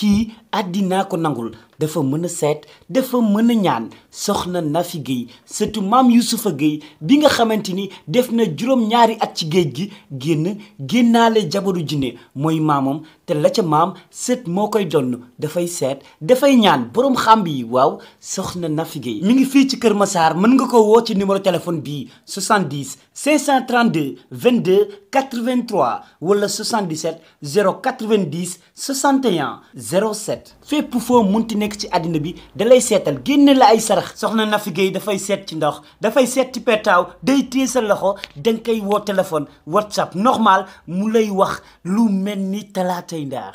kii àddinaa ko nangul dafa mën a seet dafa mën a ñaan soxna Nafi géey surtout maam Youssoufa Guèye bi nga xamante ni def na juróom-ñaari at ci géej gi génn génnaale jabaru jinne mooy maamam te la ca maam sët moo koy donn dafay seet dafay ñaan boroom xàmb yi waaw soxna Nafi Guèye mu ngi fii ci Kër Massar mën nga ko woo ci numéro téléphone bii 70 532 22 83 wala 77 090 61 07 fépp foo munti ci àddina bi dalay seetal génne la ay sarax soxna Nafi dafay seet ci ndox dafay seet ci petaaw day téye sa loxo danga koy woo téléphone whatsapp normal mu lay wax lu mel ni talaatay ndaar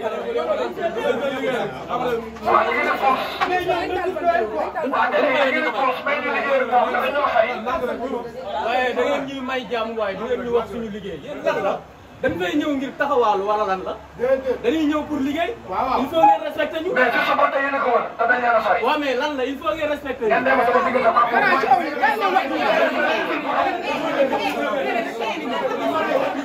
waaye da ngeen ñuy may jàmm da ngeen ñu wax suñu liggéey yéen lan la dañ fay ñëw ngir taxawaalu wala lan la. dañuy ñëw pour liggéey. il faut ngeen respecté ñu. mais surtout ba a ko war te dañ leen a fay. waaw mais lan la il faut ngeen ñu.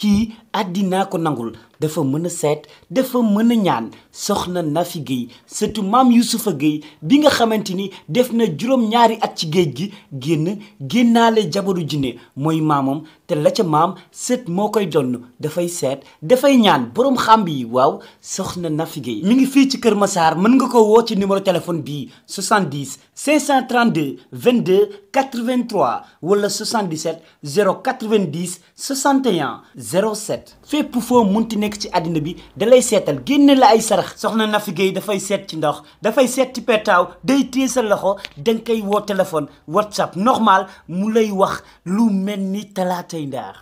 qui àddinaa ko nangul dafa mën a seet dafa mën a ñaan soxna Nafi Guèye surtout maam Youssoufa Guèye bi nga xamante ni def na juróom-ñaari at ci géej gi génn génnaale jabaru jinne mooy maamam te la ca maam sët moo koy donn dafay seet dafay ñaan borom xàmb yi waaw soxna Nafi Guèye mi ngi fii ci Kër Massar mën nga ko woo ci numéro téléphone bii 70 532 22 83 wala 77 090 61 07 seet foo mun ti nekk ci àddina bi dalay seetal génne la ay sarax soxna Nafi Guèye dafay seet ci ndox dafay seet ci petaaw day téye sa loxo danga koy woo téléphone whatsapp normal mu lay wax lu mel ni talaatay ndaax